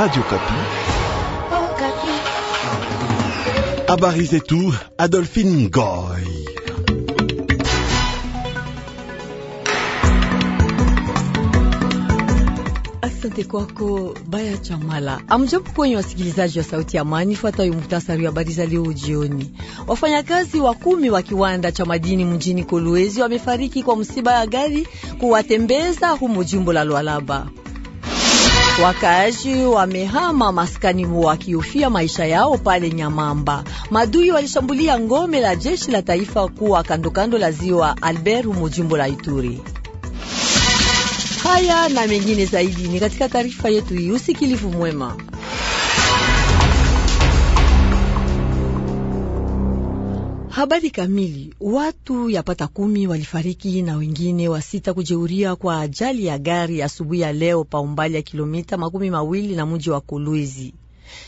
Radio Kapi. Habari zetu, Adolphine Ngoy. Asante kwako Baya Chamala. Amjambo kwenye wasikilizaji wa Sauti ya Amani, fuatayo muhtasari wa habari za leo jioni. Wafanyakazi wa kumi wa kiwanda cha madini mjini Kolwezi wamefariki kwa msiba ya gari kuwatembeza humo jimbo la Lualaba. Wakaaji wamehama maskani mu wakiufia maisha yao pale Nyamamba. Madui walishambulia ngome la jeshi la taifa kuwa kandokando la ziwa Albert humo jimbo la Ituri. Haya na mengine zaidi ni katika taarifa yetu. Usikilivu mwema. Habari kamili. Watu yapata kumi walifariki na wengine wa sita kujeuria kwa ajali ya gari asubuhi ya leo pa umbali ya kilomita makumi mawili na mji wa Kolwezi.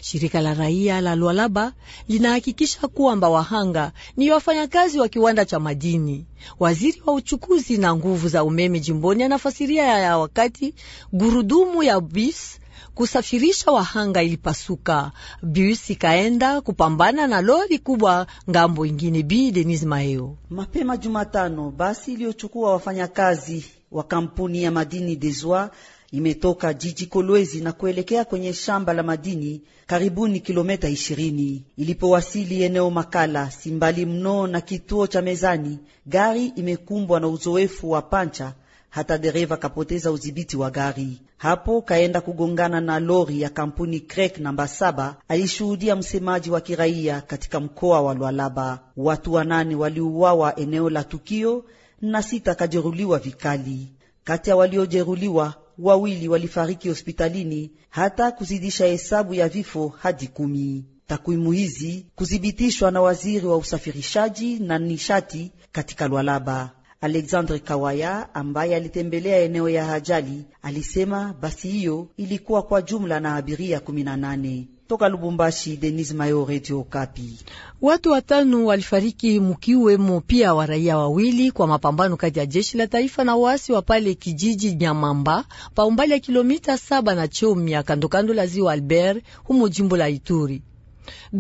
Shirika la raia la Lualaba linahakikisha kwamba wahanga ni wafanyakazi wa kiwanda cha madini. Waziri wa uchukuzi na nguvu za umeme jimboni anafasiria ya wakati gurudumu ya bisi kusafirisha wahanga ilipasuka, bus ikaenda kupambana na lori kubwa ngambo ingine. Bi denis Maeo mapema Jumatano, basi iliyochukua wafanyakazi wa kampuni ya madini Deswa imetoka jiji Kolwezi na kuelekea kwenye shamba la madini karibuni kilomita ishirini. Ilipowasili eneo Makala simbali mno na kituo cha Mezani, gari imekumbwa na uzoefu wa pancha hata dereva kapoteza udhibiti wa gari. Hapo kaenda kugongana na lori ya kampuni Krek namba saba, alishuhudia msemaji wa kiraia katika mkoa wa Lwalaba. Watu wanane waliuawa eneo la tukio na sita kajeruliwa vikali. Kati ya waliojeruliwa wawili walifariki hospitalini, hata kuzidisha hesabu ya vifo hadi kumi. Takwimu hizi kuthibitishwa na waziri wa usafirishaji na nishati katika Lwalaba. Alexandre Kawaya ambaye alitembelea eneo ya ajali alisema basi hiyo ilikuwa kwa jumla na abiria 18. Toka Lubumbashi, Denis Mayo, Radio Okapi. Watu watano walifariki mukiwemo pia wa raia wawili kwa mapambano kati ya jeshi la taifa na waasi wa pale kijiji Nyamamba pa umbali ya kilomita saba na Chomia kandokando la ziwa Albert humo jimbo la Ituri.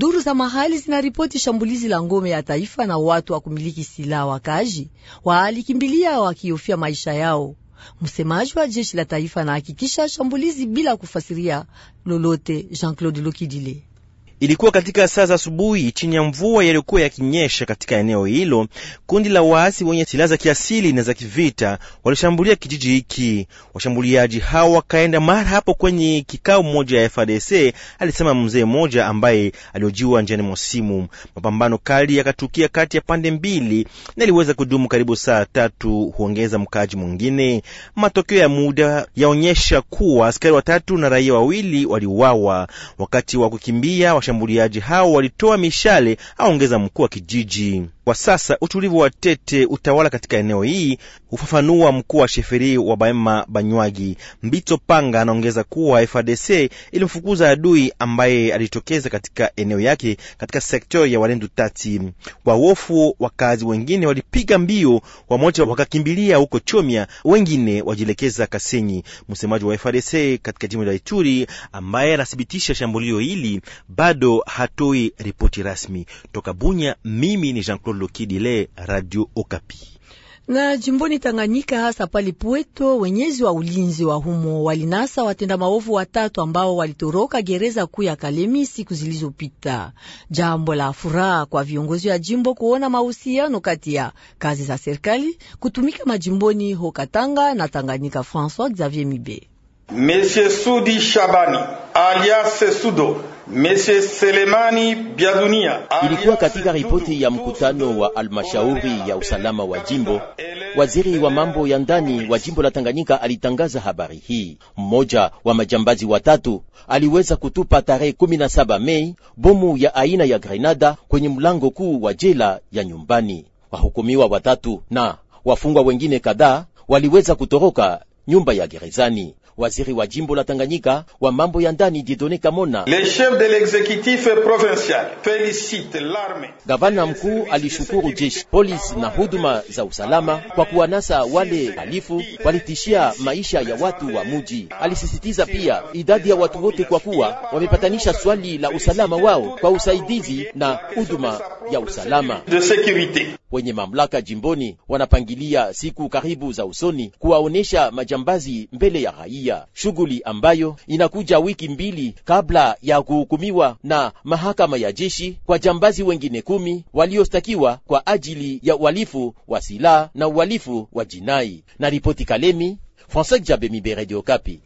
Duru za mahali zinaripoti shambulizi la ngome ya taifa na watu wa kumiliki silaha wakaji waalikimbilia wakihofia maisha yao. Msemaji wa jeshi la taifa anahakikisha shambulizi bila kufasiria lolote. Jean Claude Lokidile Ilikuwa katika saa za asubuhi, chini ya mvua yaliyokuwa yakinyesha katika eneo hilo, kundi la waasi wenye silaha za kiasili na za kivita walishambulia kijiji hiki. Washambuliaji hao wakaenda mara hapo kwenye kikao mmoja ya FARDC, alisema mzee mmoja ambaye aliojiwa njiani mwa simu. Mapambano kali yakatukia kati ya pande mbili na iliweza kudumu karibu saa tatu, huongeza mkaaji mwingine. Matokeo ya muda yaonyesha kuwa askari watatu na raia wawili waliuawa wakati wa kukimbia. Washambuliaji hao walitoa mishale, aongeza mkuu wa kijiji. Kwa sasa utulivu wa tete utawala katika eneo hii, hufafanua mkuu wa sheferi wa Baema Banywagi Mbito Panga. Anaongeza kuwa FARDC ilimfukuza adui ambaye alitokeza katika eneo yake katika sekta ya Walendu Tati. Kwa wakazi wengine walipiga mbio, wamoja wakakimbilia huko Chomia, wengine wajielekeza Kasenyi. Msemaji wa fdc katika jimbo la Ituri ambaye anathibitisha shambulio hili bado hatoi ripoti rasmi. Toka Bunya, mimi ni Jean-Claude Lokidile, Radio Okapi na jimboni Tanganyika hasa pali Pweto, wenyezi wa ulinzi wa humo walinasa watenda maovu watatu ambao walitoroka gereza kuu ya Kalemi siku zilizopita, jambo la furaha kwa viongozi wa jimbo kuona mahusiano kati ya kazi za serikali kutumika majimboni Hokatanga na Tanganyika. François Xavier Mibe Monsieur Sudi Shabani alias Sudo ilikuwa katika ripoti ya mkutano wa almashauri ya usalama wa jimbo. Waziri wa mambo ya ndani wa jimbo la Tanganyika alitangaza habari hii. Mmoja wa majambazi watatu aliweza kutupa tarehe 17 Mei bomu ya aina ya grenada kwenye mlango kuu wa jela ya nyumbani. Wahukumiwa watatu na wafungwa wengine kadhaa waliweza kutoroka nyumba ya gerezani waziri wa jimbo la Tanganyika wa mambo ya ndani Didone Kamona. Gavana mkuu alishukuru jeshi, polisi na huduma za usalama kwa kuwanasa wale halifu walitishia maisha ya watu wa muji. Alisisitiza pia idadi ya watu wote, kwa kuwa wamepatanisha swali la usalama wao kwa usaidizi na huduma ya usalama. Wenye mamlaka jimboni wanapangilia siku karibu za usoni kuwaonesha majambazi mbele ya raia kisheria, shughuli ambayo inakuja wiki mbili kabla ya kuhukumiwa na mahakama ya jeshi kwa jambazi wengine kumi waliostakiwa kwa ajili ya uhalifu wa silaha na uhalifu wa jinai. Na ripoti Kalemi, Francois Jabemibe, Radio Okapi.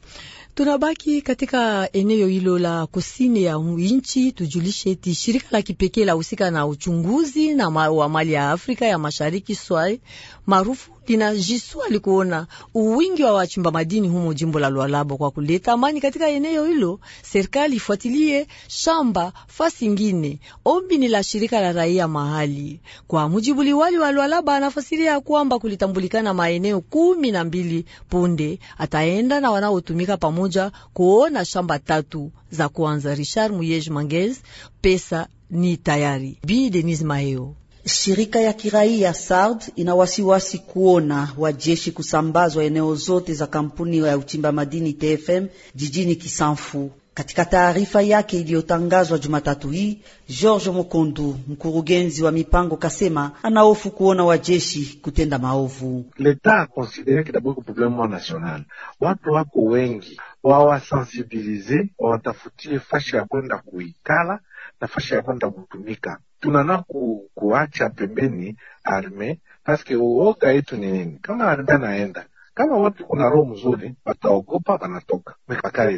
Tunabaki katika eneo hilo la kusini ya nchi. Tujulishe eti shirika la kipekee la husika na uchunguzi na wa mali ya Afrika ya Mashariki, SWAI maarufu linajisua likuona uwingi wa wachimba madini humo jimbo la Lualaba kwa kuleta amani katika eneo hilo. Serikali ifuatilie shamba fasi ingine. Ombi ni la shirika la raia mahali. Kwa mujibu liwali wa Lualaba, anafasiria kwamba kulitambulikana maeneo kumi na mbili punde ataenda na wanaotumika pamoja kuona shamba tatu za kwanza. Richard Muyej Mangez, pesa ni tayari. Bi Denis Maheo Shirika ya kiraia SARD ina wasiwasi kuona wajeshi kusambazwa eneo zote za kampuni ya uchimba madini TFM jijini Kisanfu. Katika taarifa yake iliyotangazwa Jumatatu hii, George Mukondu, mkurugenzi wa mipango, kasema anahofu kuona wajeshi kutenda maovu. Leta akonsidere kidabuku problemu national, watu wako wengi wawasensibilize, wawatafutie fasha ya kwenda kuikala na fasha ya kwenda kutumika. Tunana ku, kuacha pembeni arme paske uoga yetu ni nini? Kama arme anaenda kama watu kuna roho mzuri, wataogopa wanatoka. Mepaka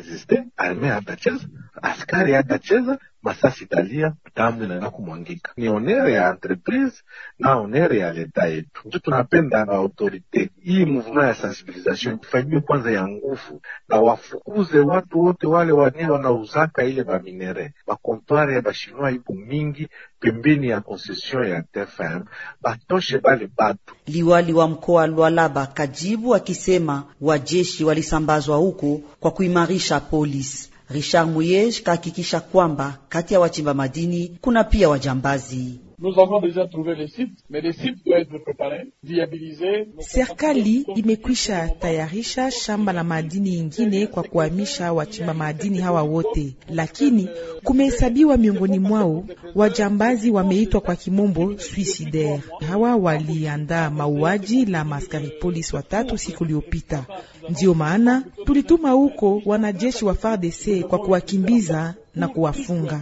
arme hatacheza, askari hatacheza, masasi italia, damu inaenda kumwangika. Ni onere ya entreprise na onere ya leta yetu, njo tunapenda na autorite hii muvuma ya sensibilisation ifanyiwe kwanza ya nguvu, na wafukuze watu wote wale wane wanauzaka ile baminere bakomptware ya bashinua ipo mingi pembeni ya konsesion ya TFM, batoshe bale batu. Liwali wa mkoa Lwalaba kajibu akisema wajeshi walisambazwa huko kwa kuimarisha polisi Richard Muyej kahakikisha kwamba kati ya wachimba madini kuna pia wajambazi. Serikali imekwisha tayarisha shamba la madini ingine kwa kuhamisha wachimba madini hawa wote, lakini kumehesabiwa miongoni mwao wajambazi wameitwa kwa kimombo suicidaire. Hawa waliandaa mauaji la maskari polisi watatu siku iliyopita. Ndiyo maana tulituma huko wanajeshi wa FARDC kwa kuwakimbiza na kuwafunga.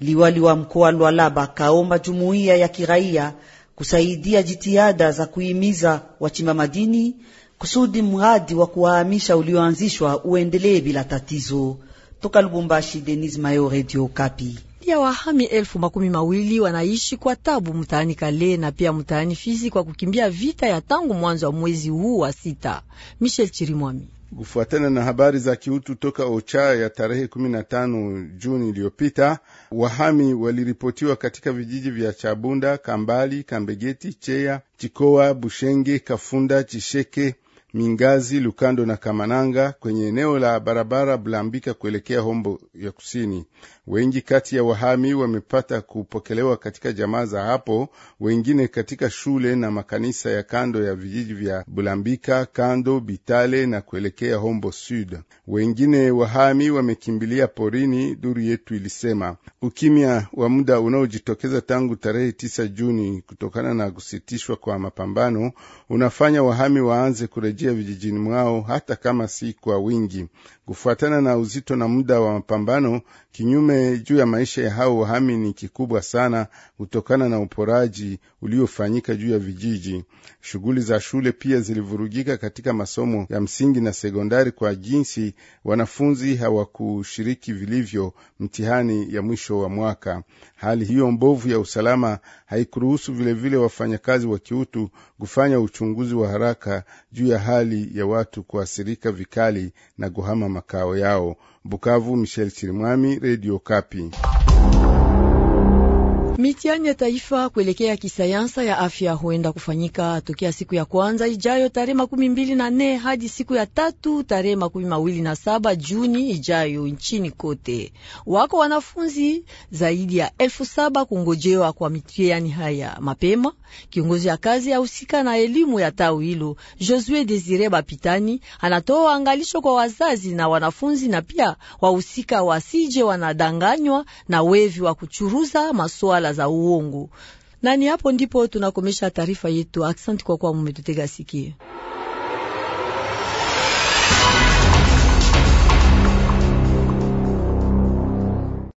Liwali wa mkoa Lwalaba kaomba jumuiya ya kiraia kusaidia jitihada za kuhimiza wachimba madini kusudi mradi wa kuwahamisha ulioanzishwa uendelee bila tatizo. Toka Lubumbashi, Denis Mayo, Radio Kapi ya wahami elfu makumi mawili wanaishi kwa tabu mtaani Kale na pia mtaani Fizi kwa kukimbia vita ya tangu mwanzo wa mwezi huu wa sita. Michel Chirimwami Kufuatana na habari za kiutu toka Ocha ya tarehe 15 Juni iliyopita, wahami waliripotiwa katika vijiji vya Chabunda, Kambali, Kambegeti, Cheya, Chikoa, Bushenge, Kafunda, Chisheke, Mingazi, Lukando na Kamananga kwenye eneo la barabara Blambika kuelekea Hombo ya kusini. Wengi kati ya wahami wamepata kupokelewa katika jamaa za hapo, wengine katika shule na makanisa ya kando ya vijiji vya bulambika Kando, Bitale na kuelekea Hombo Sud. Wengine wahami wamekimbilia porini, duru yetu ilisema. Ukimya wa muda unaojitokeza tangu tarehe tisa Juni kutokana na kusitishwa kwa mapambano unafanya wahami waanze kurejea kurejea vijijini mwao, hata kama si kwa wingi, kufuatana na uzito na muda wa mapambano kinyume juu ya maisha ya hao wahami ni kikubwa sana, kutokana na uporaji uliofanyika juu ya vijiji. Shughuli za shule pia zilivurugika katika masomo ya msingi na sekondari, kwa jinsi wanafunzi hawakushiriki vilivyo mtihani ya mwisho wa mwaka. Hali hiyo mbovu ya usalama haikuruhusu vilevile wafanyakazi wa kiutu kufanya uchunguzi wa haraka juu ya hali ya watu kuathirika vikali na kuhama makao yao. Bukavu, Michel Chirimwami, Redio Kapi. Mitihani ya taifa kuelekea kisayansa ya afya huenda kufanyika tokea siku ya kwanza ijayo tarehe makumi mbili na nne hadi siku ya tatu tarehe makumi mawili na saba Juni ijayo nchini kote. Wako wanafunzi zaidi ya elfu saba kungojewa kwa mitihani haya mapema. Kiongozi ya kazi ya husika na elimu ya tawi hilo Josue Desire Bapitani anatoa angalisho kwa wazazi na wanafunzi na pia wahusika wasije wanadanganywa na wevi wa kuchuruza maswala za uongo. Na ni hapo ndipo tunakomesha taarifa yetu. Aksanti kwa kuwa mumetutega sikio.